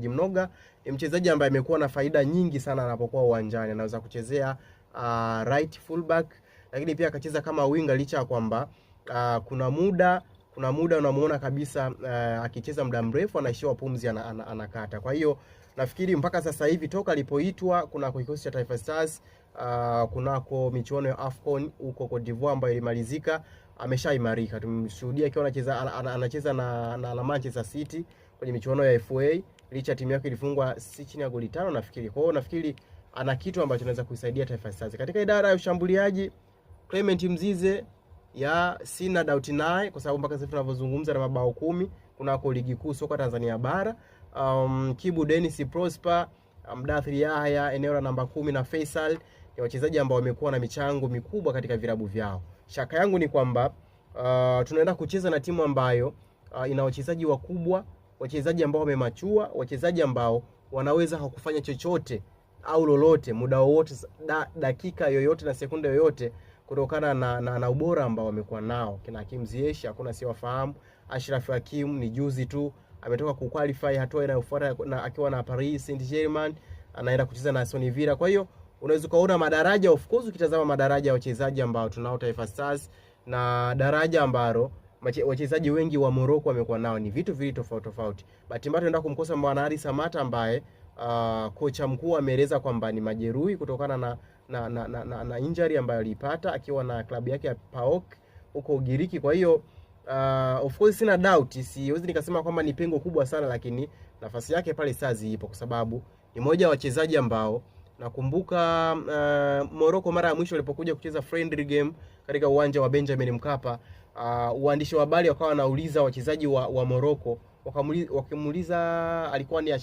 Mnoga ni mchezaji ambaye amekuwa na faida nyingi sana anapokuwa uwanjani. Anaweza kuchezea uh, right fullback, lakini pia akacheza kama winga licha ya kwamba uh, kuna muda kuna muda unamuona kabisa uh, akicheza muda mrefu anaishiwa pumzi, anakata ana, ana, Kwa hiyo nafikiri mpaka sasa hivi toka alipoitwa kunako kikosi cha Taifa Stars uh, kunako michuano ya AFCON huko Cote d'Ivoire ambayo ilimalizika, ameshaimarika. Tumemshuhudia akiwa anacheza an, anacheza na, na, na Manchester City kwenye michuano ya FA licha timu yake ilifungwa si chini ya goli tano nafikiri. Kwa hiyo nafikiri ana kitu ambacho anaweza kuisaidia Taifa Stars. Katika idara ya ushambuliaji Clement Mzize ya sina doubt naye kwa sababu mpaka sasa tunavyozungumza na mabao kumi kunako ligi kuu soka Tanzania bara. Um, Kibu Dennis Prosper, Mdathri um, Yahya eneo la namba kumi na Faisal ni wachezaji ambao wamekuwa na michango mikubwa katika vilabu vyao. Shaka yangu ni kwamba uh, tunaenda kucheza na timu ambayo uh, ina wachezaji wakubwa, wachezaji ambao wamemachua, wachezaji ambao wanaweza hakufanya chochote au lolote muda wowote, da, dakika yoyote na sekunde yoyote kutokana na, na, na ubora ambao wamekuwa nao kina Hakim Ziyech, hakuna siwafahamu. Ashraf Hakim ni juzi tu ametoka kuqualify hatua inayofuata na akiwa na Paris Saint-Germain, anaenda kucheza na Aston Villa. Kwa hiyo unaweza kuona madaraja, of course, ukitazama madaraja ya wachezaji ambao tunao Taifa Stars na daraja ambalo wachezaji wengi wa Morocco wamekuwa nao ni vitu vili tofauti tofauti. Bahati mbaya tunaenda kumkosa Mwana Samata ambaye uh, kocha mkuu ameeleza kwamba ni majeruhi kutokana na, na, na, na, na, na injury ambayo aliipata akiwa na klabu yake ya PAOK huko Ugiriki. Kwa hiyo uh, of course sina doubt, siwezi nikasema kwamba ni pengo kubwa sana, lakini nafasi yake pale Sazi ipo kwa sababu ni mmoja wa wachezaji ambao nakumbuka uh, Morocco mara ya mwisho walipokuja kucheza friendly game katika uwanja wa Benjamin Mkapa uh, waandishi wa habari wakawa wanauliza wachezaji wa, wa Morocco wakamuliza alikuwa ni